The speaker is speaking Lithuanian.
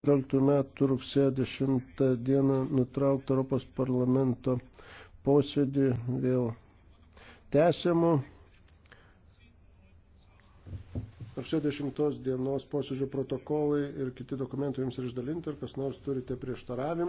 2014 metų rugsėjo 10 dieną nutraukti Europos parlamento posėdį vėl tęsiamų. Rugsėjo 10 dienos posėdžio protokolai ir kiti dokumentai jums ir išdalinti, ar kas nors turite prieštaravimą.